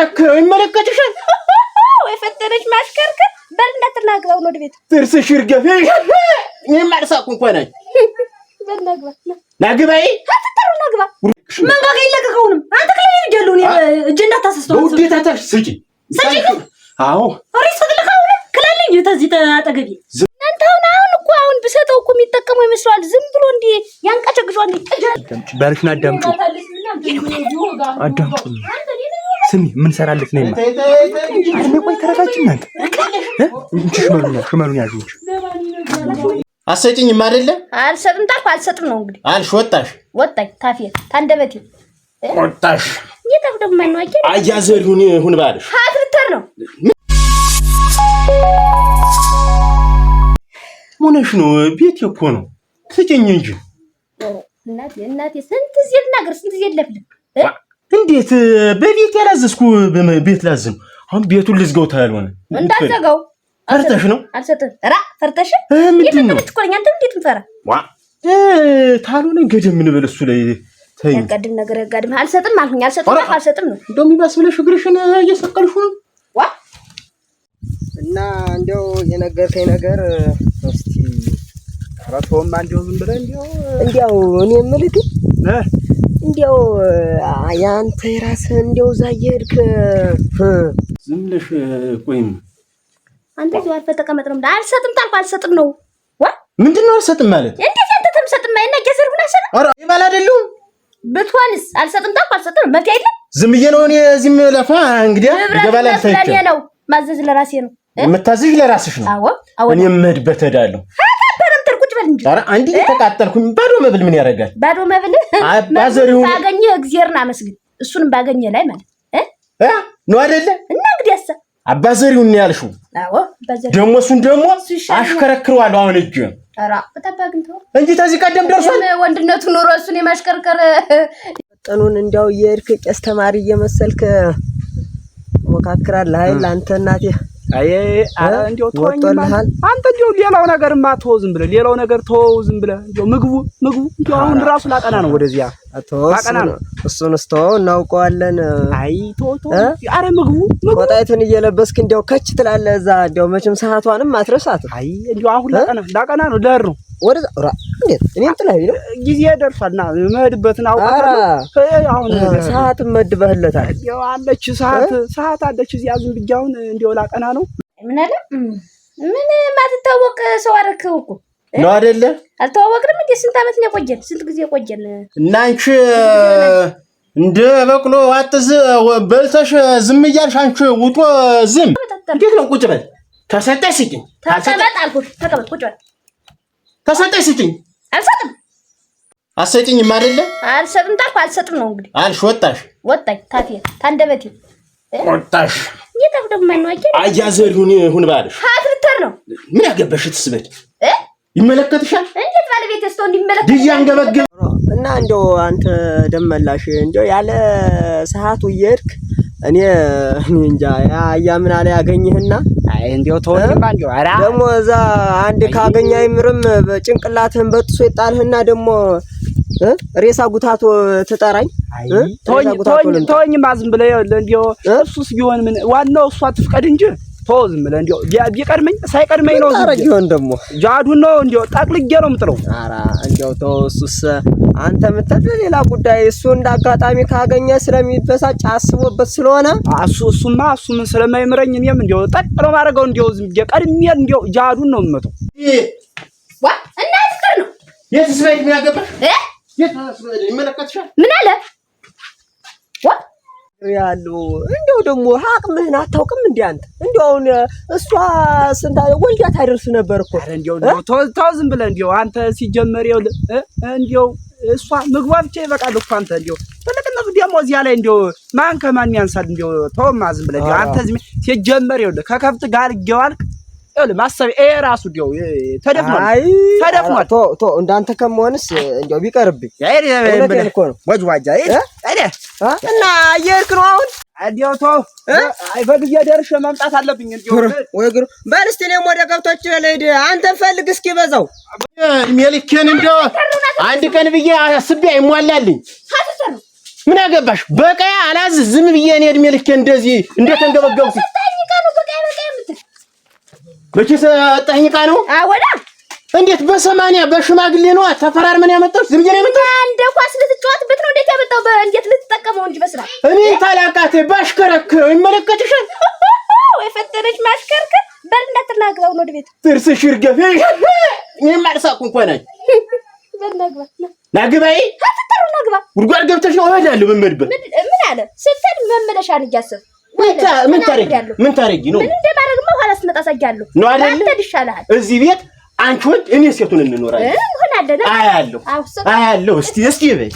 የሚከረክረው ይመለከትሻል። የፈጠነች ማሽከርከር በል እንዳትናግረው ነው ድቤት ጥርስሽ ይርገፍ። ይህም አልሳቁ እንኳ ናግባይ አትጠሩ ናግባ መንጋጋ ይለቀቀውንም አንተ እጅ እንዳታሰስተው ስጪ ስጪ። አዎ ሪስ ተዚህ እናንተ አሁን አሁን እኮ አሁን ብሰጠው እኮ የሚጠቀመው ይመስለዋል። ዝም ብሎ እንዲ አዳምጩ አዳምጩ ስሚ ምን ሰራልክ ነው? ቆይ ተረጋጅ እናንተ እንጂ ሽመሉኛ ሽመሉኛ ያዥ እንጂ አሰጭኝም አይደለ አልሰጥም ታልኩ አልሰጥም ነው እንግዲህ አልሽ። ወጣሽ ወጣኝ ታፊ ታንደበቴ ወጣሽ እየተብደም ማነው አጀ አያዘር ሁን ሁን ባልሽ ሀት ነው ሞነሽ ነው ቤት እኮ ነው ስጭኝ እንጂ እናቴ እናቴ ስንት ጊዜ ልናገር ስንት ጊዜ ልለፍልፍ እንዴት በቤት ያላዘዝኩ ቤት ላዝም አሁን ቤቱን ልዝገው ታልሆነ እንዳዘገው ፈርተሽ ነው አልሰጥም ራ ፈርተሽ ምንድን ነው ትኮለኛ አንተ እንዴት እንፈራ ታልሆነ ገደም ምን በል እሱ ላይ ያጋድም ነገር ያጋድም አልሰጥም አልሁኝ አልሰጥም አልሰጥም ነው እንደው ይባስ ብለሽ እግርሽን እየሰቀልሽ ነው ዋ እና እንደው የነገርከኝ ነገር እስቲ ኧረ ተወውማ እንደው ዝም ብለህ እንደው እኔ የምልህ እንዲያው ያንተ የራስህ እንዲያው እዛ እየሄድክ ዝም ብለሽ ቆይም። አንተ እዚሁ አልፈህ ተቀመጥ ነው። አልሰጥም ታልኩህ አልሰጥም ነው። ምንድን ነው አልሰጥም ማለት? እንዴት ያንተ ተምሰጥም አይና ጌዘር ሁን አሰጥ ይባል አይደሉም። ብትሆንስ አልሰጥም ታልኩህ አልሰጥም ነው። መፍትሄ የለም። ዝም ብዬ ነው እኔ እዚህ የምለፋ። እንግዲህ ገባላ ነው ማዘዝ ለራሴ ነው። የምታዝዥ ለራስሽ ነው። እኔ የምሄድበት እሄዳለሁ። አንድ የተቃጠልኩኝ ባዶ መብል ምን ያደርጋል? ባዶ መብል ባገኘህ እግዚአብሔርን አመስግን። እሱንም ባገኘ ላይ ማለት እ ነው አይደለ? እና እንግዲህ ያሳ አባዘሪውን ነው ያልሽው። ደግሞ እሱን ደግሞ አሽከረክረዋለሁ አሁን እጅ እንጂ ከዚህ ቀደም ደርሷል። ወንድነቱ ኑሮ እሱን የማሽከርከር ጥኑን እንዲያው የእርክ ቄስ ተማሪ እየመሰልክ ሞካክራለህ አይደል አንተ እናቴ አይ አረ እንደው ተወኝ አንተ እንደው ሌላው ነገርማ ተወው፣ ዝም ብለህ ሌላው ነገር ተወው፣ ዝም ብለህ እንደው ምግቡ ምግቡ እንደው አሁን ራሱ ላቀና ነው ወደዚያ ላቀና ነው። እሱንስ ተወው እናውቀዋለን። አይ ተወው አረ ምግቡ ምግቡ ወጣይቱን እየለበስክ እንደው ከች ትላለህ እዛ። እንደው መቼም ሰዓቷንም አትረሳትም። አይ እንደው አሁን ላቀና ላቀና ነው ደር ነው ወደዛ እንዴት እኔ እንትን ጊዜ ደርሷልና መሄድበትን አውቃለሁ። አሁን ሰዓት መድበህለታል። አለች ሰዓት ሰዓት አለች። እዚህ ዝም ብዬ አሁን እንዲያው ላቀና ነው። ምን አለ ምን ማትታወቅ ሰው እኮ ነው አይደለ? አልተዋወቅንም እንዴ? ስንት ነው የቆየን? ስንት ጊዜ እና አንቺ እንደ በቅሎ አጥዝ በልተሽ ዝም እያልሽ አንቺ ውጦ ዝም እንዴት ነው? ቁጭ በል ተሰጠሽ። ተቀበል፣ ቁጭ በል ተሰጠኝ ስጭኝ። አልሰጥም። አሰጭኝም አይደለ? አልሰጥም ታልኩ አልሰጥም ነው እንግዲህ አልሽ። ወጣሽ ወጣኝ። ታፊ ታንደበቴ ወጣሽ። ነው ሁን ባልሽ ነው ምን ያገበሽ ትስበድ ይመለከትሻል። እንዴት ባለቤት እስቶ እንዲመለከት እና እንደው አንተ ደመላሽ እንደው ያለ ሰዓቱ እየሄድክ እኔ እንጃ አያ ምን አለ ያገኝህና፣ አይ እንዴው ተወኝ ባንጆ። ኧረ ደግሞ እዛ አንድ ካገኘ አይምርም ጭንቅላትህን በጥሶ ይጣልህና ደግሞ ሬሳ ጉታቶ ትጠራኝ። ተወኝ ተወኝ ተወኝ ማ ዝም ብለህ እሱስ ቢሆን ምን ዋናው እሱ አትፍቀድ እንጂ ተወው ዝም ብለህ እንዴው። ቢቀድመኝ ሳይቀድመኝ ነው ዝም ብለህ ደግሞ ጃዱን ነው እንዴው ጠቅልጌ ነው የምጥለው። ኧረ እንዴው ተወው እሱስ አንተ የምትል ሌላ ጉዳይ። እሱ እንደ አጋጣሚ ካገኘ ስለሚበሳጭ አስቦበት ስለሆነ እሱ እሱማ እሱ ምን ስለማይምረኝ እኔም እንዲያው ጠጥ ነው ማድረገው። እንዲያው ዝም ብዬ ቀድሜ እንዲያው ጃዱን ነው የምመጣው። ዋ እና ፍቅር ነው የት ምን ምን አለ ደግሞ አቅምህን አታውቅም እንዴ አንተ? አሁን እሷ ስንታ ወልዳት ታደርስ ነበር እኮ። አረ ተው ዝም ብለህ እንደው አንተ ሲጀመር ይኸውልህ እንደው እሷ ምግቧ ብቻ ይበቃል እኮ አንተ እንዲያው ትልቅነቱ ደግሞ እዚያ ላይ እንዲያው ማን ከማን ያንሳል? እንዲያው ተወማ ዝም ብለህ አንተ ዝም ሲጀመር ይኸውልህ ከከብት ጋር ይገዋልክ ይኸውልህ ማሰብ ይሄ ራሱ እንዲያው ተደፍኗል፣ ተደፍኗል። ቶ ቶ እንዳንተ ከመሆንስ እንዲያው ቢቀርብኝ ወጅ ዋጃ እና እየሄድክ ነው አሁን እንዲያው ተው አይፈልግ እያደርሽ መምጣት አለብኝ። ወይ ግሩ በል እስኪ እኔም ወደ ከብቶች ልሂድ፣ አንተን ፈልግ እስኪ በዛው ሜልኬን አንድ ቀን ብዬ አስቤ አይሟላልኝ። ምን አገባሽ በቀያ አላዝ ዝም ብዬ እኔ እድሜ ልኬን እንደዚህ እንደተንገበገብኩ ዕቃ ነው። አወዳ እንዴት በሰማንያ በሽማግሌ ተፈራርመን ዝም ብዬ ነው ባሽከረክረው ይመለከትሻል። የፈጠነች ማሽከርከር በልና ትናግባው ነው ድቤት ጥርስሽ ይርገፍ። እኔም አልሳቁ እንኳን አይ ናግባይ አትጠሩ ናግባ ጉድጓድ ገብተሽ ነው እሄዳለሁ። መመድበት ምን አለ ስትል መመለሻን እያሰብ ምን ታረጊ ምን ታረጊ ነው ምን እንደማደርግማ ኋላ ስመጣ ሳያለሁ ነው አይደል? ይሻልሃል እዚህ ቤት አንቺ ወንድ እኔ ሴቱን እንኖራለን እንሆናለን። አያለሁ አያለሁ። እስቲ እስቲ በይ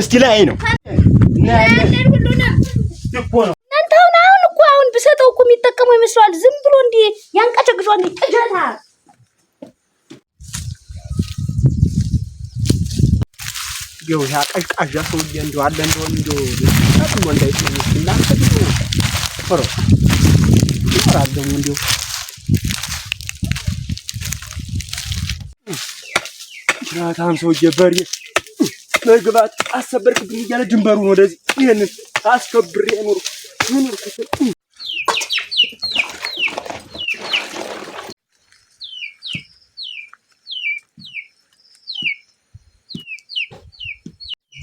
እስቲ ላይ ነው እኮ ነው እናንተ። አሁን አሁን እኮ አሁን ብሰጠው እኮ የሚጠቀመው ይመስለዋል። ዝም ብሎ እንዲህ ያንቀጨቅጫዋል። ቅጀታ ይው ያ ሰውዬ እንደው አለ እንደሆን እንደው ታጥሞ እናንተ ቢሉ ፍሮ ይፈራሉ እንደው ጅራታም ሰውዬ በሬ መግባት አሰበርክብኝ እያለ ድንበሩን ወደዚህ ይሄንን አስከብሬ ኑር ኑር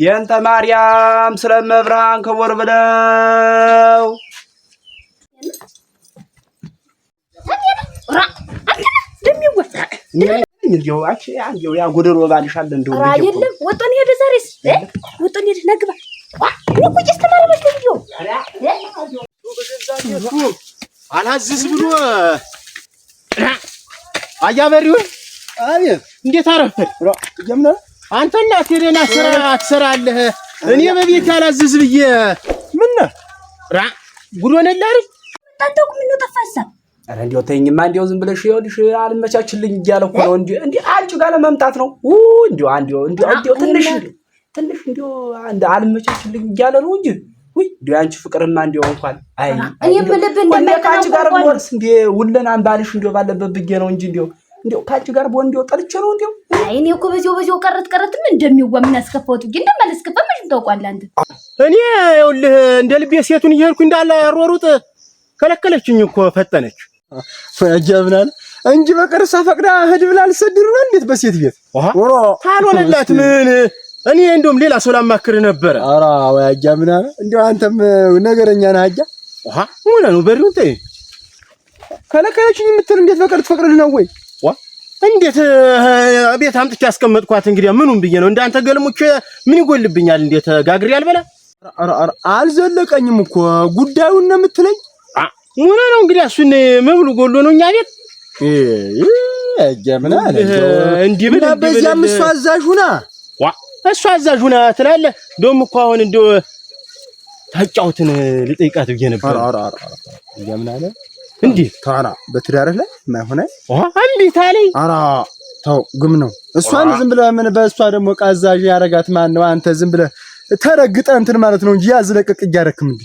የእንተ ማርያም ስለመብርሃን ክቡር ብለው እንደው ባልሻለ እንደው የለም ወጥቶን ሄደ። ዛሬስ ወጥቶን ሄደ። ነግባ እሱ አላዝዝ ብሎ አያበሪውን አቤት፣ እንዴት አረፈድ ጀምረ አንተ እናቴ ስራ ትሰራለህ። እኔ በቤት አላዝዝ ብዬ ምን ራ ጉድ ሆነልህ አይደል? ታንተው ምን ነው ተፋሳ? አረ ዝም ብለሽ ይኸውልሽ አልመቻችልኝ እያለ እኮ ነው። እንዴ እንዴ አንቺ ጋር ለመምጣት ነው። ኡ እንዴው አንዴው ትንሽ ትንሽ እንዴው አልመቻችልኝ እያለ ነው እንጂ ውይ እንዲያው ያንቺ ፍቅርማ እንዲያው እንኳን አይ ጋር ወርስ እንዲ ውለን አንባልሽ እንዲ ባለበት ብጌ ነው እንጂ እንዲያው እንዲያው ከአንቺ ጋር በሆን እንዲያው ጠልቼ ነው እንዲያው እኔ እኮ በዚያው በዚያው ቀረት ቀረትም ምን እንደሚዋ ምን አስከፋሁት ግን እንደማልስከፋ ምን ታውቃለህ አንተ እኔ ይኸውልህ እንደ ልቤ ሴቱን እየሄድኩ እንዳለ አሯሩጥ ከለከለችኝ እኮ ፈጠነች ፈጀብናል እንጂ በቀርሳ ፈቅዳ እህድ ብላ ልትሰድር እንዴት በሴት ቤት ወሮ ታልሆነላት ምን እኔ እንደውም ሌላ ሰው ላማክር ነበረ። ኧረ ወይ አጃ ምን አለ እንደው አንተም ነገረኛ ነህ አጃ። አሃ ምን ነው በሪውን ተይ ከለከለችኝ የምትል እንዴት በቀር ትፈቅድልህ ነው ወይ? ዋ እንዴት ቤት አምጥቼ ያስቀመጥኳት እንግዲህ ምኑን ብዬ ነው እንዳንተ ገልሙች ምን ይጎልብኛል? እንዴት ጋግሬ አልበላ አልዘለቀኝም እኮ ጉዳዩን ነው የምትለኝ። ምን ነው እንግዲህ እሱን መብሉ ጎሎ ነው እኛ ቤት እንዲህ ብላ በዚያም እሷ አዛዥ ሁና እሷ አዛዡ ናት ትላለህ። እንደውም እኮ አሁን እንደው ታጫውትን ልጠይቃት ብዬ ነበር። አረ አረ ኧረ አለ እንዴ? ታራ በትዳርህ ላይ ማይሆነ አንዲት አለኝ። አረ ተው ግም ነው። እሷን ዝም ብለህ ምን በእሷ ደግሞ ዕቃ አዛዥ ያረጋት ማን ነው? አንተ ዝም ብለህ ተረግጠህ እንትን ማለት ነው እንጂ ያዝለቀቅ እያደረክም እንዴ?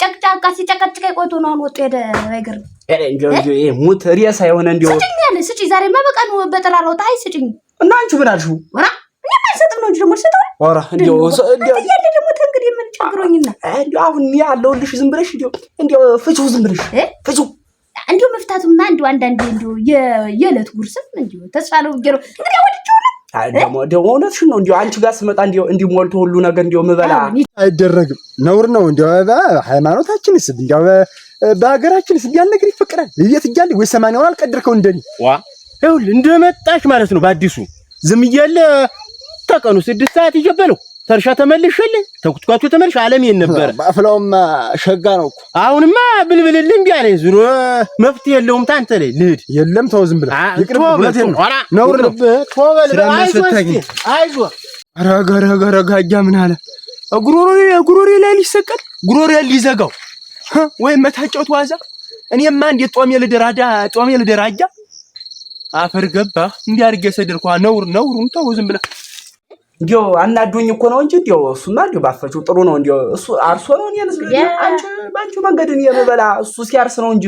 ጨቅጫቃ ሲጨቀጭቀ ቆይቶ ነው አሁን ወጡ ሄደ። አይገርም ሙት ሬሳ የሆነ እንዲሁ ስጭኝ ያለ ስጭኝ። ዛሬማ በቃ ነው በጠራራው ጣይ ስጭኝ እና አንቺ ምን አልሽው? ወራ ሰጥም ነው እንጂ ደግሞ ደግሞ ቸግሮኝና እንዲያው አሁን ዝም ብለሽ እንዲያው ፍቺው ዝም ብለሽ ፍቺው እንዲሁ መፍታቱማ እንዲሁ አንዳንዴ እንዲሁ የዕለት እንዲሁ ተስፋ ነው ጀሮ እንግዲህ ወድጆ ደግሞ እውነትሽን ነው። እንዲሁ አንቺ ጋር ስመጣ እንዲሁ ሞልቶ ሁሉ ነገር እንዲሁ ምበላ አይደረግም። ነውር ነው። ነገር ይፈቅዳል እየት እያለ ወይ ሰማንያውን አልቀድርከው እንደኔ ይኸውልህ እንደመጣሽ ማለት ነው። በአዲሱ ዝም እያለ ተቀኑ ስድስት ሰዓት ይጀበለው ተርሻ ተመልሽልኝ ተኩትኳቹ ተመልሽ ዓለም የት ነበረ? አፍላውማ ሸጋ ነው እኮ አሁንማ ብልብልል እምቢ አለኝ። ዙሮ መፍትሄ የለውም። ታንተ ላይ ልሂድ የለም ተው ዝም ብለህ ይቅርብ። ሁለቴን ነው ነውር ነው ቶበል ስለሚያስፈታኝ አይዞ ረጋ ረጋ ረጋ እጃ ምን አለ ጉሮሮዬ ጉሮሮዬ ላይ ሊሰቀል ጉሮሮዬ ሊዘጋው ወይም መታጨው ተዋዛ እኔማ እንዴት ጦሜ ልደራዳ ጦሜ ልደራጃ አፈር ገባ እንዲህ አድርጌ ሰደድኩህ። ነውር ነውሩን ተው ዝም ብለህ እንዲያው አናዶኝ እኮ ነው እንጂ እንዲያው እሱማ እንዲያው ባፈችው ጥሩ ነው። እንዲያው እሱ አርሶ ነው እኔ አንቺ ባንቺ መንገድ እኔ የምበላ እሱ ሲያርስ ነው እንጂ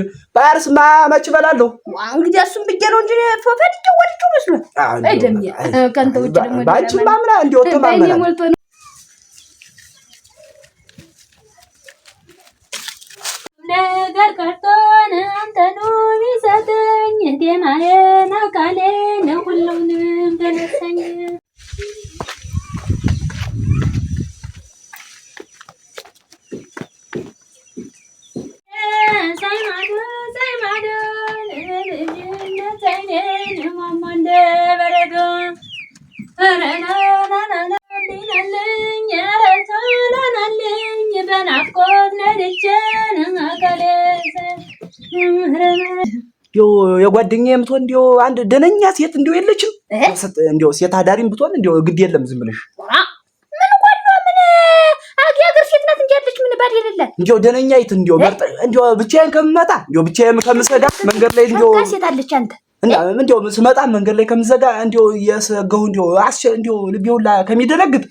ማ መች እበላለሁ። እንግዲህ እሱም ብዬሽ ነው እንጂ ፎፈን ወድቄው መስሎት አይደለም። ከአንተ ውጭ ደግሞ ባንቺ ምና እንዲያው ተማምና ነገር ቀርቶን አንተኑ ቢሰጠኝ ጤናዬን አካሌን ሁሉንም ተነሳኝ የጓደኛ የምትሆን እንዲያው አንድ ደነኛ ሴት እንዲያው የለችም? እንዲያው ሴት አዳሪም ብትሆን እንዲያው ግድ የለም ዝም ብለሽ ምን ጓዷ ምን አገር ሴት ናት እንጂ ያለች ምን ባል የሌላት እንዲያው ደነኛ ይት እንዲያው መርጠ እንዲያው ብቻዬን ከምመጣ እንዲያው ብቻዬን ከምሰዳ መንገድ ላይ እንዲያው ሴት አለች አንተ እንዲያው ስመጣ መንገድ ላይ ከምዘጋ እንዲያው የሰገው እንዲያው አስቸ እንዲያው ልቤ ሁላ ከሚደነግጥ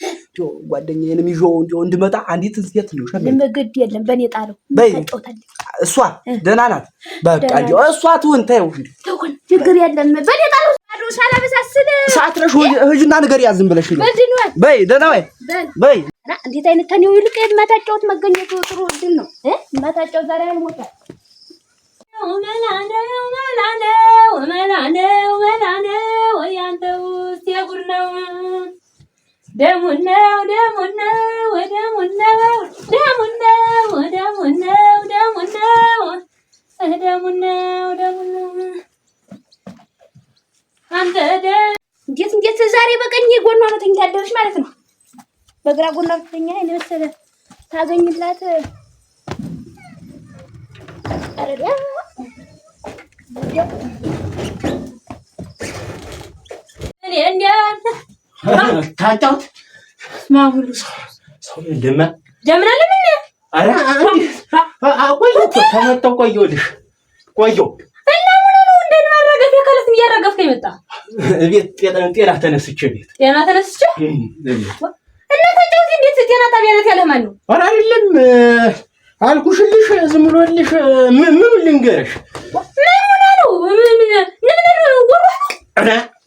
ጓደኛዬንም ይዞ እንዲያው እንድመጣ አንዲት ሴት ነው ሸገኝ። የለም በእኔ ጣለው በይ እሷ ደህና ናት። በቃ እሷ ትሁን ተይው፣ ትሁን ችግር የለም በኔ ጣለው። ሰዓት ነሽ ብለሽ በይ ደህና ወይ በይ እንዴት አይነት ተኔው ይልቅ የማታጫውት መገኘቱ ጥሩ እድል ነው። ማታጫውት ዛሬ አልሞታል ደሙን ነው ደሙን ነው ደሙን ነው ደሙን ነው አንተ ደም እንዴት እንዴት ዛሬ በቀኝ ጎኗ ነው ተኝታለች ማለት ነው። በግራ ጎኗ ብትተኛ ይሄን መሰለ ታገኝላት አረዳ ታጣሁት ማሁሉ ሰው ለማ ለምን አለ ቆየሁ እና ምን ነው እቤት ጤና ተነስቼ ቤት ጤና ተነስቼ እና ተጫውት እንዴት ማን ነው አረ አይደለም አልኩሽልሽ ዝም ብሎልሽ ምን ምን ልንገርሽ ምን ምን ምን ምን ምን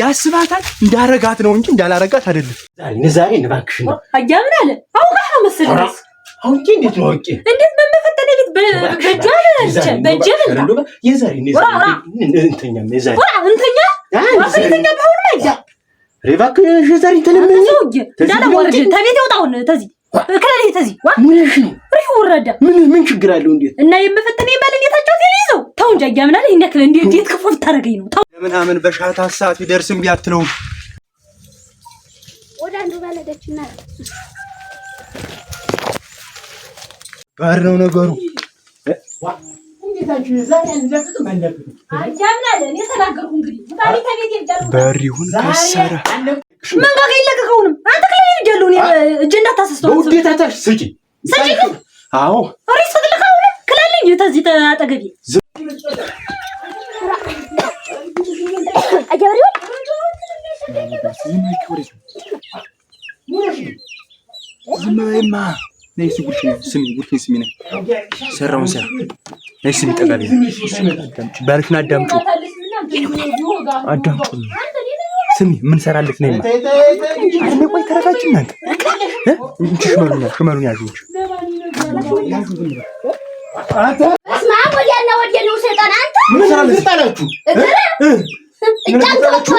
ያስባታል እንዳረጋት ነው እንጂ እንዳላረጋት አይደለም። ዛሬ እባክሽ ነው አያምን አለ አውቃህ ነው መሰለኝ። አውቄ እንዴት ነው አውቄ እንዴት በመፈተን ቤት በእጇ በእጅህ የዛሬ እንተኛ እንተኛ እንተኛ ባሁን ማይዳ ሬባክ የዛሬ ተለመኝ እንዳላወርድ ተቤት ያውጣውን ተዚህ ከሌት እዚህ ምንሽ ነው? ሪሁ ወረዳ ምን ምን ችግር አለው? እንዴት እና የምፈጠን የባለቤታቸው ሲል ይዘው ተው እንጂ ያምናል። ይሄን ያክል እንዴት እንዴት ክፉ ልታደርገኝ ነው? ተው ምናምን በሻታ ሰዓት ቢደርስም ቢያትለው ወደ አንዱ ባለደችና ጋር ነው ነገሩ። በሪሁን ከሰረ መንጋጋ ይለቀቀውንም አንተ ከሌ ይጃለሁ እኔ እጅ እንዳታሰስተው በውዴታ ታሽ ስጪ አዎ ሪስ ትልካው ክላለኝ ተዚህ ተጠገቢ አጀበሪው ዝማይማ ነይ ሲጉሽ ስሚ ጉሽኝ ስሚ ነይ ሰራውን ነይ ስሚ ጠጋቢ ባልሽን ስሚ ምን ሰራልክ ነው? አንተ ቆይ ተረጋጅ። እናንተ እንጂ ሽመሉኛ ሽመሉኛ ያዙ እንጂ አንተ እስማ ወዲያና ወዲያ ነው ሰይጣን። አንተ ምን ሰራልክ? ተጣላችሁ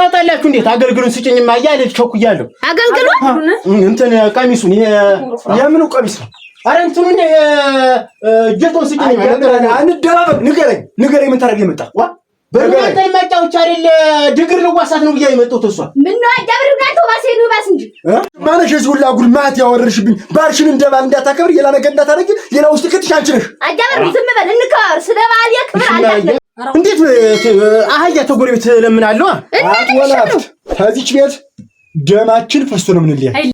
ታጣላችሁ። እንዴት አገልግሉን ስጭኝ ማያ ልጅ ቸኩያለሁ። አገልግሉን እንትን ቀሚሱን የምኑ ቀሚስ ነው? ኧረ እንትኑን ጀቶን ስጭኝ። አንደባበቅ ንገረኝ፣ ንገረኝ ምን ታደርግ የመጣ በሚያጠል መጫዎች አይደል ድግር ልዋሳት ነው ብያ የመጣሁት። እሷ ምን ነው ጋቶ ባሴኑ ባስ እንጂ ማነሽ እዚህ ሁላ ጉልማት ያወርሽብኝ። ባልሽን እንደ ባል እንዳታከብር፣ ሌላ ነገር እንዳታረጊ፣ ሌላ ውስጥ ክትሽ አንቺ ነሽ። አጃብሩ ዝም በል እንከባበር። ስለ ባል የክብር አላት። እንዴት አህያ ተጎረቤት ለምናለሁ። አትወላት። ከዚች ቤት ደማችን ፈሶ ነው ምን